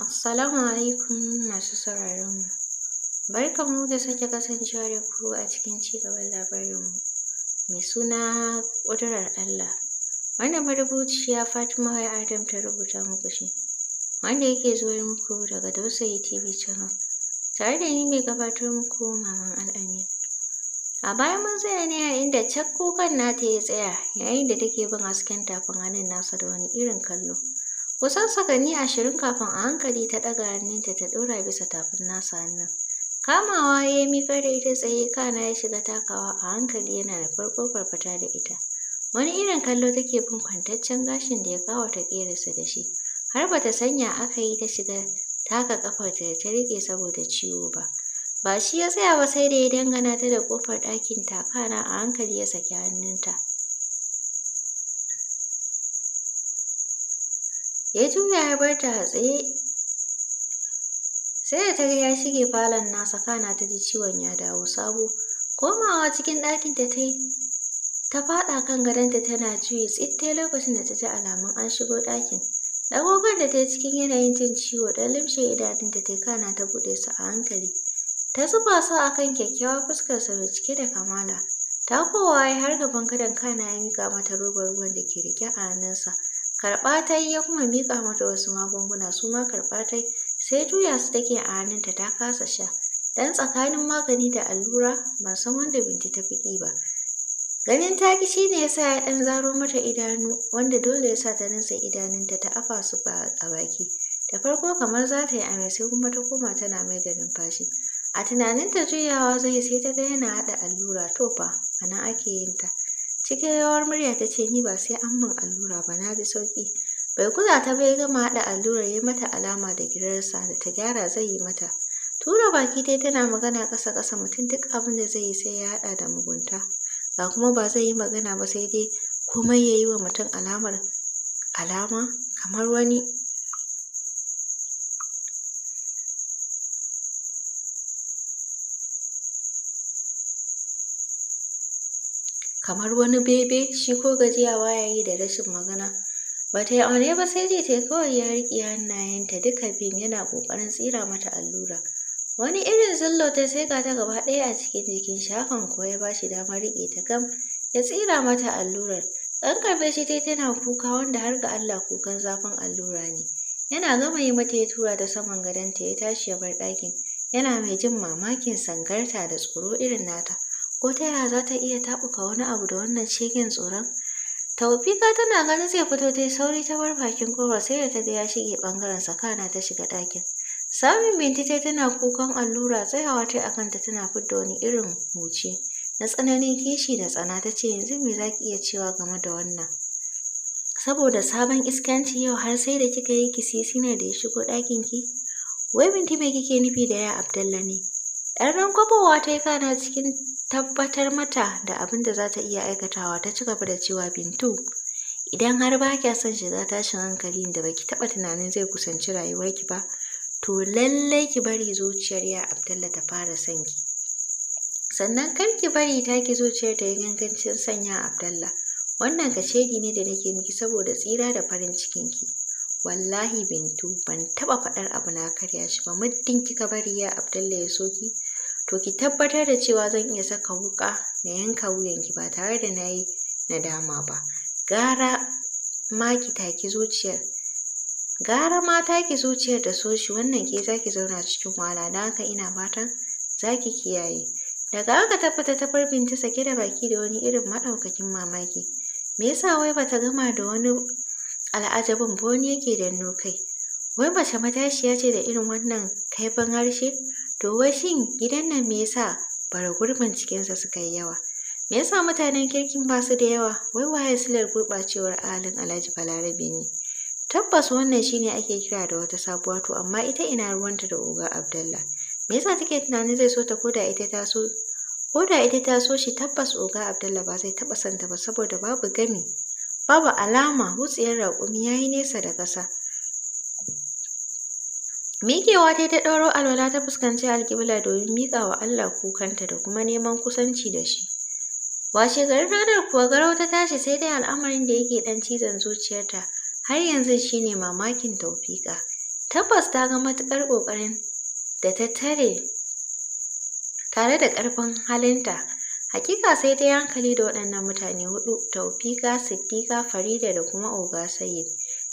Assalamu alaikum masu sauraron mu. Barkan mu da sake kasancewa da ku a cikin ci cigaban labarinmu. Mai suna ƙudurar Allah. Wannan marubuciya Fatima Wai Adam ta rubuta muku shi. Wanda yake zuwa muku daga Dausayi TV channel. Tare da ni mai gabatar muku Maman Al'amin. A baya mun tsaya ne a inda cakkokan nata ya tsaya yayin da take bin hasken tafin hannun nasa da wani irin kallo. Kusan sakani ashirin kafin a hankali ta ɗaga hannunta ta ɗora bisa tafin nasa hannun. Kamawa ya yi mikar da ita tsaye kana ya shiga takawa a hankali yana da farko farfata da ita. Wani irin kallo take bin kwantaccen gashin da ya kawo ta ƙerarsa da shi. Har bata sanya aka yi ta shiga taka ƙafar da ta riƙe saboda ciwo ba. Ba shi ya tsaya ba sai da ya dangana ta da ƙofar ɗakin takana a hankali ya saki hannunta. ya juya ya bar ta a tsaye sai da ta ga ya shige falon nasa kana ta ji ciwon ya dawo sabo komawa cikin ɗakin ta ta ta faɗa kan gadonta tana juye tsitte lokacin da ta ji alamun an shigo ɗakin agogon da ta yi cikin yanayin jin ciwo ɗan limshe idanunta ta kana ta buɗe su a hankali ta zuba su a kan kyakkyawar fuskarsa mai cike da kamala ta kowa ya har gaban gadon kana ya miƙa mata robar ruwan da ke rike a hannunsa karɓa ta yi ya kuma miƙa mata wasu magunguna su ma karɓa ta yi sai juya su take a hannunta ta kasa sha dan tsakanin magani da allura ban san wanda binti ta fi ba ganin ta ki shine sa ya ɗan zaro mata idanu wanda dole ya yasa ta nutsa idanunta ta afa su a baki da farko kamar za ta yi amai sai kuma ta koma tana mai da numfashi a tunaninta juyawa zai sai ta ga yana haɗa allura to fa a nan ake yin ta Cikin rawar murya ta ce ni ba sai an min allura ba na da sauki. Bai kula ta bai gama haɗa allurar ya mata alama da girarsa da ta gyara zai yi mata. Tura baki dai tana magana ƙasa ƙasa mutum duk abin da zai yi sai ya haɗa da mugunta. Ba kuma ba zai yi magana ba sai dai komai ya yi wa mutum alamar alama kamar wani kamar wani bebe shi ko gajiya ya yi da rashin magana ba ta yi aune ba sai dai ta kawai ya riƙe hannayenta duka biyun yana ƙoƙarin tsira mata allura wani irin zullo ta sai ga ta gaba ɗaya a cikin jikin shafan ko ya ba shi damar riƙe ta gam ya tsira mata allurar ɗan karfe shi tai tana kuka wanda har ga Allah kukan zafin allura ne yana gama yi mata ya tura ta saman gadon ta ya tashi ya bar ɗakin yana mai jin mamakin sangarta da tsoro irin nata ko ta yaya za ta iya taɓuka wani abu da wannan shegen tsoron taufika tana ganin zai fito ta sauri ta bar bakin kowa, sai da ta ga ya shige ɓangaren sakana ta shiga ɗakin samun binti ta tana kukan allura tsayawa ta akan ta tana fidda wani irin huce na tsananin kishi da tsana ta ce yanzu me za ki iya cewa game da wannan saboda sabon iskanci yau har sai da kika yi kisisi ne da ya shigo ɗakin ki wai binti me kike nufi da ya abdalla ne ɗan ran kwabowa ta yi kana cikin tabbatar mata da abin da za ta iya aikatawa ta ci gaba da cewa bintu idan har ba kya son shiga tashin hankalin da baki taɓa tunanin zai kusanci rayuwarki ba to lallai ki bari zuciyar ya abdalla ta fara son ki sannan kar ki bari ta ki zuciyar ta yi gangancin sanya abdalla wannan kashedi ne da nake miki saboda tsira da farin cikin ki wallahi bintu ban taɓa faɗar abu na karya shi ba muddin kika bari ya abdalla ya soki to ki tabbatar da cewa zan iya saka wuka na yanka wuyan ki ba tare da na yi nadama ba gara ma ki taki zuciyar gara ma taki zuciyar da so shi wannan ke za ki zauna cikin wahala don haka ina fatan za ki kiyaye daga haka ta ta farbinta sake da baki da wani irin maɗaukakin mamaki me yasa wai bata gama da wani al'ajabin ba wani yake da kai wai mace matashiya ce da irin wannan kaifin harshe To wai shin gidan nan me yasa bara gurbin cikinsa suka yi yawa? Me yasa mutanen kirkin ba su da yawa? Wai waye silar gurɓacewar alin Alhaji Balarabe ne? Tabbas wannan shine ake kira da wata sabuwa to amma ita ina ruwanta da Oga Abdallah. Me yasa take tunanin zai so ta koda ita ta so koda ita ta so shi tabbas Oga Abdallah ba zai taɓa santa ba saboda babu gami. Babu alama hutsiyar raƙumi ya yi nesa da ƙasa. Miƙewa ta yi ta ɗauro alwala ta fuskanci alƙibla domin miƙa wa Allah kukanta da kuma neman kusanci da shi. Washe garin ranar kuwa garau ta tashi sai dai al'amarin da yake ɗan cizon zuciyarta har yanzu shi ne mamakin taufiƙa. Tabbas ta ga matuƙar ƙoƙarin da ta tare tare da ƙarfin halinta. Hakika sai ta hankali da waɗannan mutane huɗu, Taufiƙa, Siddiƙa, Farida da kuma Oga Sayyid.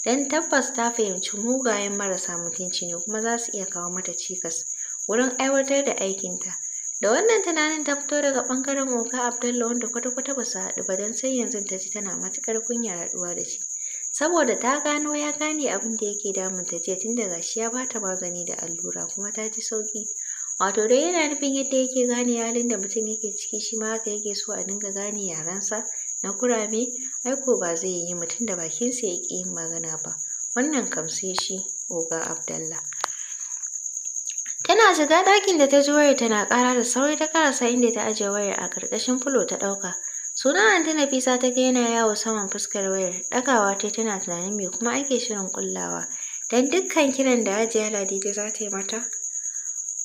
don tabbas ta fahimci mugayen marasa mutunci ne kuma za su iya kawo mata cikas wurin aiwatar da aikinta. Da wannan tunanin ta fito daga bangaren Oga Abdullah wanda kwata-kwata ba su haɗu ba don sai yanzu ta ji tana matuƙar kunya haɗuwa da shi. Saboda ta gano ya gane abin da yake damun ta jiya tun daga shi ya ba ta magani da allura kuma ta ji sauƙi. Wato dai yana nufin yadda yake gane halin da mutum yake ciki shi ma haka yake so a dinga gane yarensa. na kurame aiko ba zai yi mutum da bakinsa ya ƙi yin magana ba wannan kam sai shi oga Abdalla. tana shiga ɗakin da ta ji wayar tana ƙara da sauri ta karasa inda ta ajiye wayar a ƙarƙashin fulo ta ɗauka sunan anti nafisa ta ga yana yawo saman fuskar wayar ɗagawa ta tana tunanin me kuma ake shirin kullawa don dukkan kiran da ajiye ladidi za ta yi mata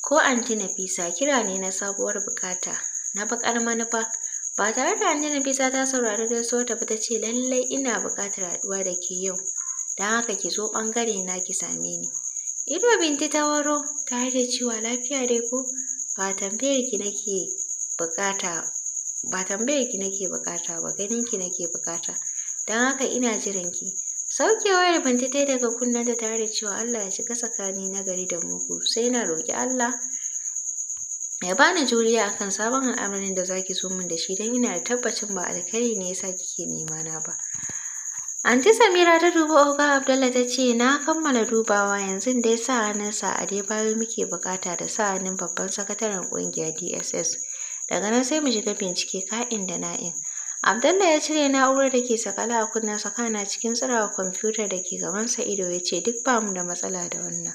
ko anti nafisa kira ne na sabuwar bukata na bakar manufa Ba tare da Anna Nafisa ta saurari gaisuwarta ba ta ce lallai ina buƙatar haɗuwa da ke yau, don haka ki zo ɓangare na ki same ni. Ido Binti ta waro ta da cewa lafiya dai ko ba tambayar ki nake buƙata ba tambayar ki nake buƙata ba ganin ki nake buƙata, don haka ina jiran ki. Saukewar Binti ta daga kunnenta ta da cewa Allah ya shiga tsakani na gari da mugu sai na roƙi Allah ya bani juriya akan sabon al'amarin da zaki zo min da shi don ina da tabbacin ba alkhairi ne yasa kike nema na ba anti samira ta duba oga abdullah ta ce na kammala dubawa yanzu da ya sa sa a dai bayo muke bukata da sa hannun babban sakataren kungiyar dss daga nan sai mu shiga bincike ka'in da na'in abdullah ya cire na'urar da ke sakala a kunnensa kana cikin tsirawa kwamfutar da ke gabansa ido ya ce duk bamu da matsala da wannan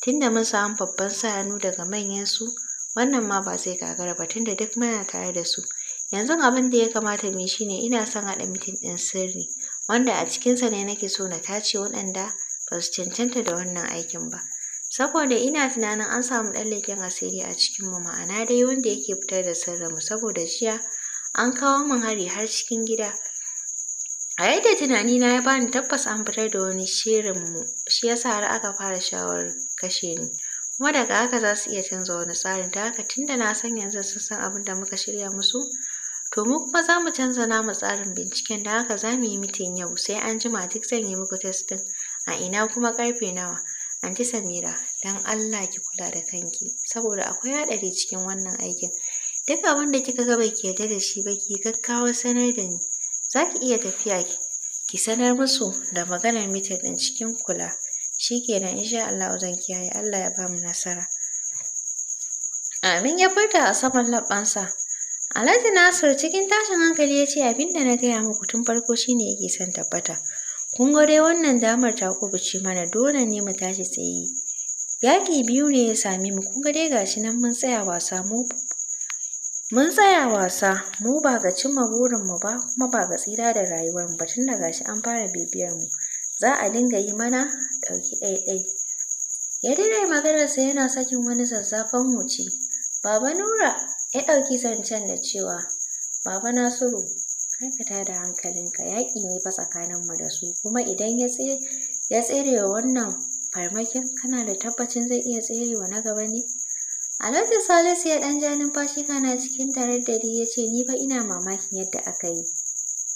tunda mun samu babban sa hannu daga manyan su wannan ma ba zai gagara ba tunda duk muna tare da su yanzu abin da ya kamata mu yi ne, ina son haɗa mitin ɗin sirri wanda a cikinsa ne nake so na tace waɗanda ba su cancanta da wannan aikin ba saboda ina tunanin an samu ɗan leƙen asiri a cikinmu ma'ana dai wanda yake fitar da mu saboda jiya an kawo min hari har cikin gida a yadda tunani na ya bani tabbas an fitar da wani shirinmu shi yasa har aka fara shawarar kashe ni kuma daga haka za su iya canza wani tsarin ta haka tun da na san yanzu sun san abin da muka shirya musu to mu kuma za mu canza namu tsarin binciken da haka za mu yi mitin yau sai an jima duk zan yi muku testin a ina kuma karfe nawa anti samira dan allah ki kula da kanki saboda akwai haɗari cikin wannan aikin duk abin da kika ga bai ki yarda da shi ba ki gaggawa sanar da ni za ki iya tafiya ki sanar musu da maganar mitin ɗin cikin kula Shi kenan sha Allah zan kiyaye Allah ya bamu nasara. Amin ya furta a saman labbansa. Alhaji Nasir cikin tashin hankali ya ce abin da na gaya muku tun farko shine yake son tabbata. Kun ga wannan damar ta kubuce mana dole ne mu tashi tsaye. Yaki biyu ne ya sami mu kun ga dai gashi nan mun tsaya wasa mu Mun tsaya wasa mu ba ga cimma burinmu ba kuma ba ga tsira da rayuwarmu ba tun da gashi an fara bibiyar mu. za a dinga yi mana ɗauki ɗaiɗai. Ya daɗe maganarsa yana sakin wani zazzafan huci. Baba Nura ya ɗauki zancen da cewa, Baba Nasiru, karkata da hankalinka yaƙi ne fa tsakaninmu da su kuma idan ya ya tsere wannan farmakin kana da tabbacin zai iya tsere wa na gaba ne? Alhaji Salisu ya ɗan ja numfashi kana cikin taraddadi ya ce ni fa ina mamakin yadda aka yi.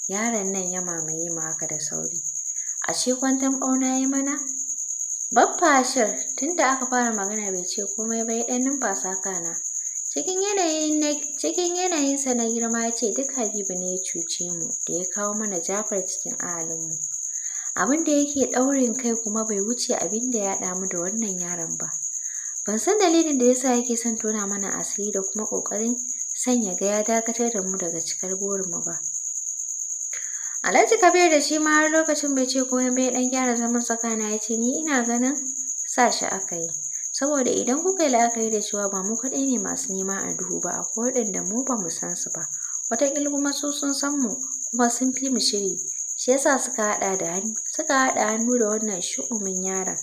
Yaron nan ya mamaye mu haka da sauri. ashe kwantan ɓauna ya mana Baffa tun tunda aka fara magana bai ce komai ba ɗan numfasa kana. Cikin yanayinsa na girma ya ce duk Habibu ne ya cuce mu da ya kawo mana Jafar cikin ahalinmu. Abin da yake ɗaurin kai kuma bai wuce abin da ya damu da wannan yaron ba. Ban san dalilin da yasa yake son tona mana asiri da kuma ƙoƙarin sanya ga ya dakatar da mu daga cikar burinmu ba. Alhaji Kabir da shi ma har lokacin bai ce komai bai dan gyara zaman tsakana ya ce ni ina ganin sa shi aka yi. Saboda idan kuka yi la'akari da cewa ba mu kaɗai ne masu nema a duhu ba koɗin da mu ba mu san su ba. Wata kuma su sun san mu kuma sun fi mu shiri. Shi yasa suka haɗa da hannu suka haɗa hannu da wannan shu'umin yaron.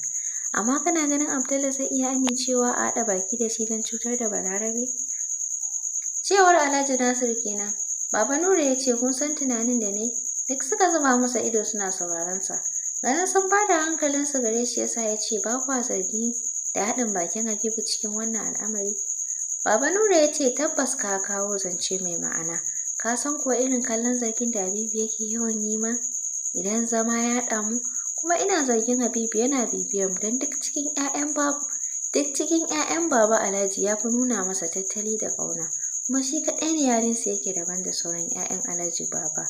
Amma kana ganin Abdullahi zai iya amincewa a haɗa baki da shi don cutar da Balarabe? Cewar Alhaji Nasiru kenan. Baba Nura ya ce kun san tunanin da ne duk suka zuba masa ido suna sauraron sa ganin sun ba da hankalinsu gare shi yasa ya ce ba kwa zargi da haɗin bakin habibu cikin wannan al'amari baba nura ya ce tabbas ka kawo zance mai ma'ana ka san kuwa irin kallon zargin da habibu yake yawan yi ma idan zama ya damu kuma ina zargin habibu yana bibiyar don duk cikin 'ya'yan babu duk cikin 'ya'yan baba alhaji ya fi nuna masa tattali da ƙauna kuma shi kaɗai ne yarinsa yake daban da sauran 'ya'yan alhaji baba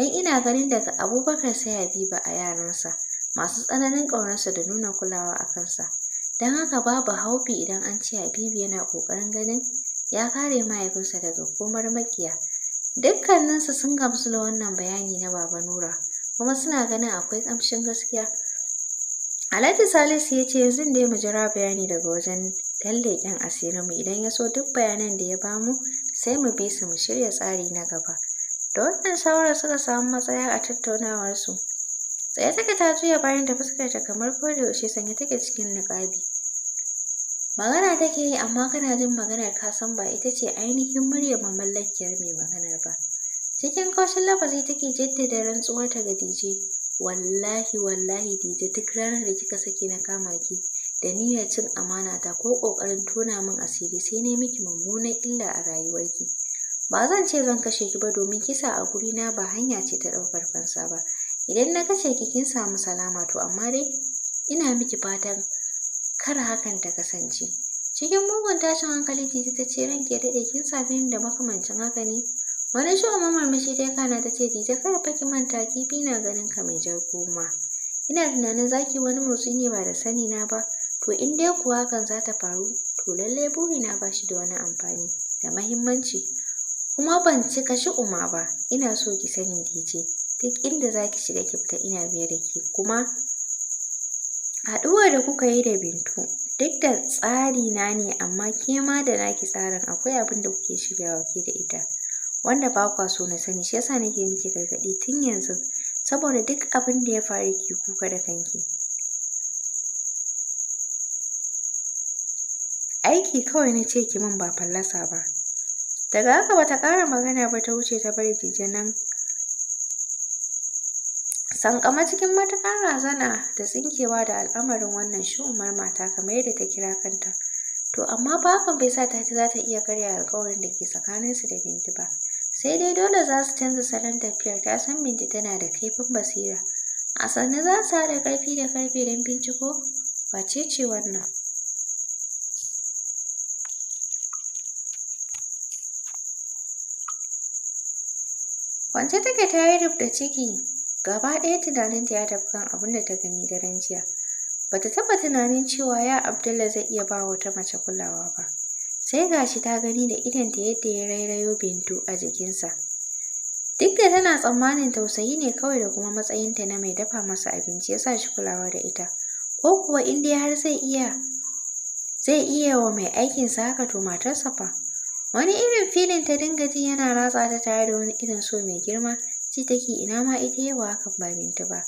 don ina ganin daga abubakar sai habiba a yaransa masu tsananin ƙaunarsa da nuna kulawa a kansa don haka babu haufi idan an ce habibu yana ƙoƙarin ganin ya kare mahaifinsa daga komar makiya dukkaninsu sun gamsu da wannan bayani na baba nura kuma suna ganin akwai ƙamshin gaskiya Alhaji Salisu ya ce yanzu dai mu jira bayani daga wajen dan leƙen asirinmu idan ya so duk bayanan da ya bamu sai mu bi su mu shirya tsari na gaba. Da wannan shawarar suka samu matsaya a tattaunawarsu. Tsaye take ta juya bayan da fuskarta kamar yaushe sanye take cikin niƙabi. Magana take yi amma kana jin maganar ka san ba ita ce ainihin muryar mamallakiyar mai maganar ba. Cikin kaushin lafazi take jaddada rantsuwar ta ga DJ. Wallahi wallahi DJ duk ranar da kika saki na kama ki da niyyar cin amana ta ko ƙoƙarin tona min asiri sai ne miki mummunan illa a rayuwarki. ba zan ce zan kashe ki ba domin kisa a guri na ba hanya ce ta ɗaukar fansa ba idan na kashe ki kin samu salama to amma dai ina miki fatan kar hakan ta kasance cikin mugun tashin hankali titi ta ce ranke daɗe kin same ni da makamancin haka ne wani shi amma marmashi ta kana ta ce titi kar fa ki manta kifi na ganin ka mai jar goma ina tunanin zaki wani motsi ne ba da sani na ba to in dai kuwa hakan za ta faru to lallai burina ba shi da wani amfani da mahimmanci kuma ban cika shi uma ba ina so ki sani dije duk inda za ki shiga ki fita ina biye da ke. kuma haɗuwar da kuka yi da bintu duk da tsari na ne amma ke ma da naki tsarin akwai abin da kuke shiryawa ke da ita wanda ba kwa so na sani shi yasa nake miki gargaɗi tun yanzu saboda duk abin da ya faru ki kuka da kanki aiki kawai na ce ki min ba fallasa ba daga haka bata ƙara magana ba ta wuce ta bar nan sankama cikin matuƙar razana da tsinkewa da al'amarin wannan shi'umar mata kamar yadda ta kira kanta to amma ba hakan bai sa ta za ta iya karya alƙawarin da ke tsakaninsu da binti ba sai dai dole za su canza salon tafiyar ta san binti tana da kaifin basira a sannu za su haɗa ƙarfi da ƙarfe don binciko wace ce wannan Kwance take ta yi rub da ciki, gaba ɗaya tunaninta ya tafi kan abin da ta gani daren jiya. Ba ta taɓa tunanin cewa ya Abdullah zai iya ba wata mace kulawa ba. Sai gashi ta gani da idanta yadda ya rairayo Bintu a jikinsa. Duk da tana tsammanin tausayi ne kawai da kuma matsayinta na mai dafa masa abinci ya sa shi kulawa da ita. Ko kuwa in dai har zai iya zai iya wa mai aikinsa haka to matarsa fa. Wani irin filin ta dinga ji yana ratsa ta tare da wani irin so mai girma, ci take ina ma ita yawa hakan ba Bintu ba.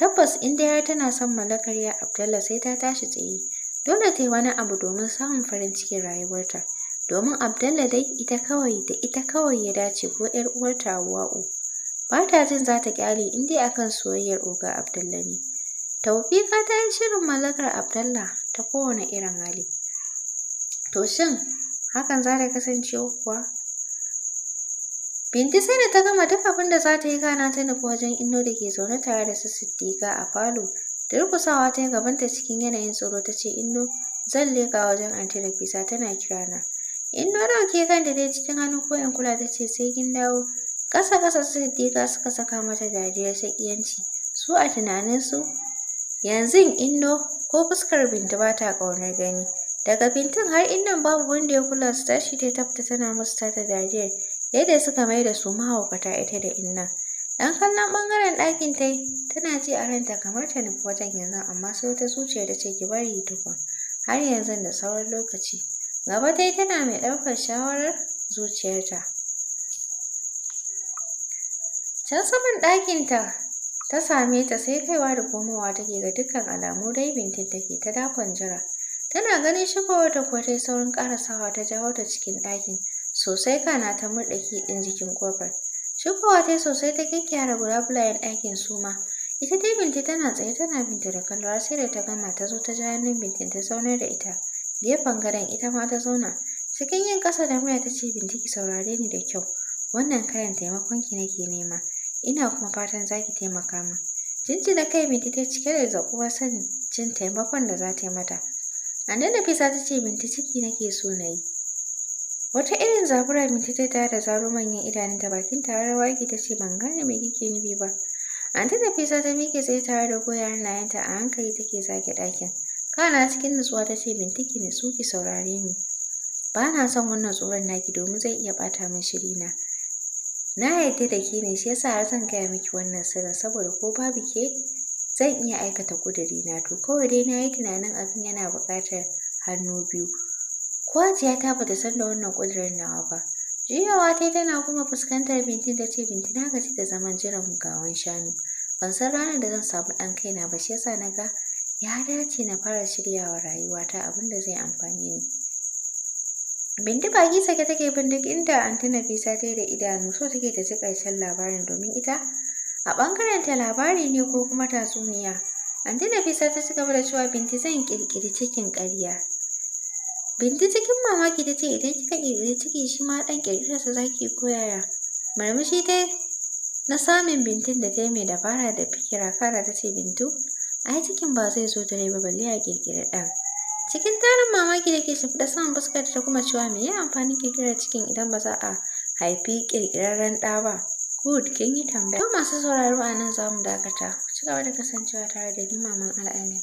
Tabbas in dai har tana son mallakar ya Abdallah sai ta tashi tsaye. Dole ta yi wani abu domin samun farin cikin rayuwarta. Domin Abdallah dai ita kawai da ita kawai ya dace ko ‘yar uwarta wa’u. Ba ta jin za ta ƙyale in dai akan soyayyar Oga Abdallah ne. Taufika ta yi shirin mallakar Abdallah ta kowane irin hali. To shin hakan za ta kasance kuwa. Binti sai da ta gama duk abin da za ta yi gana ta nufi wajen ino da ke zaune tare da su Siddiƙa a falo. Durƙusawa ta yi gabanta cikin yanayin tsoro ta ce Indo zan leƙa wajen Anti fisa tana kira na. Indo ke kan da dai cikin hannu ko in kula ta ce sai kin dawo. Ƙasa ƙasa su Siddiƙa suka saka mata dariyar shaƙiyanci. Su a tunaninsu yanzu Indo ko fuskar binti ba ta ƙaunar gani. Daga fintin har innan babu wanda ya kula su tashi ta tafta tana musu tata dariyar yadda suka mai da su mahaukata ita da inna. Ɗan kallon ɓangaren ɗakin ta tana ji a ranta kamar ta nufi wajen yanzu amma sai wata zuciya da ce ki bari tukun har yanzu da sauran lokaci. Gaba ta tana mai ɗaukar shawarar zuciyarta. Can saman ta ta same ta sai kaiwa da komowa take ga dukkan alamu dai bintin take ta dakon jira. Tana ganin shigowarta da ta saurin ƙarasawa ta jawo ta cikin ɗakin, sosai kana ta murɗa kiɗin jikin kofar Shigowa ta sosai ta guda bulayen ɗakin suma. Ita dai Binti tana tsaye tana binta da kalwa sai da ta gama ta zo ta ja hannun Bintin ta zaune da ita. Gefen gadon ita ma ta zauna. Cikin yin ƙasa da murya ta ce Binti ki saurare ni da kyau. Wannan kayan taimakon ki nake nema. Ina kuma fatan za ki taimaka min. Jinjina kai Binti ta cike da zaƙuwa sanin jin taimakon da za ta yi mata. A nan Nafisa ta ce minti ciki nake so na yi. Wata irin zabura minti ta tare da zaro manyan idanunta bakin tarar waki ta ce ban gane me kike nufi ba. Anta Nafisa ta miƙe tsaye tare da goyon ta a hankali take zage ɗakin. Kana cikin nutsuwa ta ce minti ki su ki saurare ni. Ba na son wannan tsoron naki domin zai iya ɓata min shiri na. Na yadda da ke ne shi yasa har zan gaya miki wannan sirrin saboda ko babu ke zan iya aikata na to kawai dai na yi tunanin abin yana buƙatar hannu biyu. Kwajiya ta bata san da wannan ƙudurin nawa ba. jiyawa ta tana kuma fuskantar Binti da ce Binti na gaji da zaman jiran gawan shanu. Ban san ranar da zan samu ɗan kaina ba shi yasa na ga ya dace na fara shiryawa rayuwata abin da zai amfani ni. Bindi baki sake take bin duk inda Antina Bisa ta da idanu so take ta ji karshen labarin domin ita a ɓangaren ta labari ne ko kuma tatsuniya anti nafisa ta ci gaba da cewa binti zan ƙirƙiri cikin ƙarya binti cikin mamaki ta ce idan kika ƙirƙiri ciki shi ma ɗan ƙirƙirarsa za ki koyaya murmushi ta na samun bintin da ta yi mai dabara da fikira kara ta ce bintu ai cikin ba zai zo rai ba balle a ƙirƙiri ɗan cikin tarin mamaki da ke shimfiɗa saman fuskar ta kuma cewa me ya amfani ƙirƙirar cikin idan ba za a haifi ƙirƙirarren ɗa ba Good, kin yi tambaya. To masu sauraro a nan za mu dakata. Ku ci gaba da kasancewa tare da ni Maman Al'amin.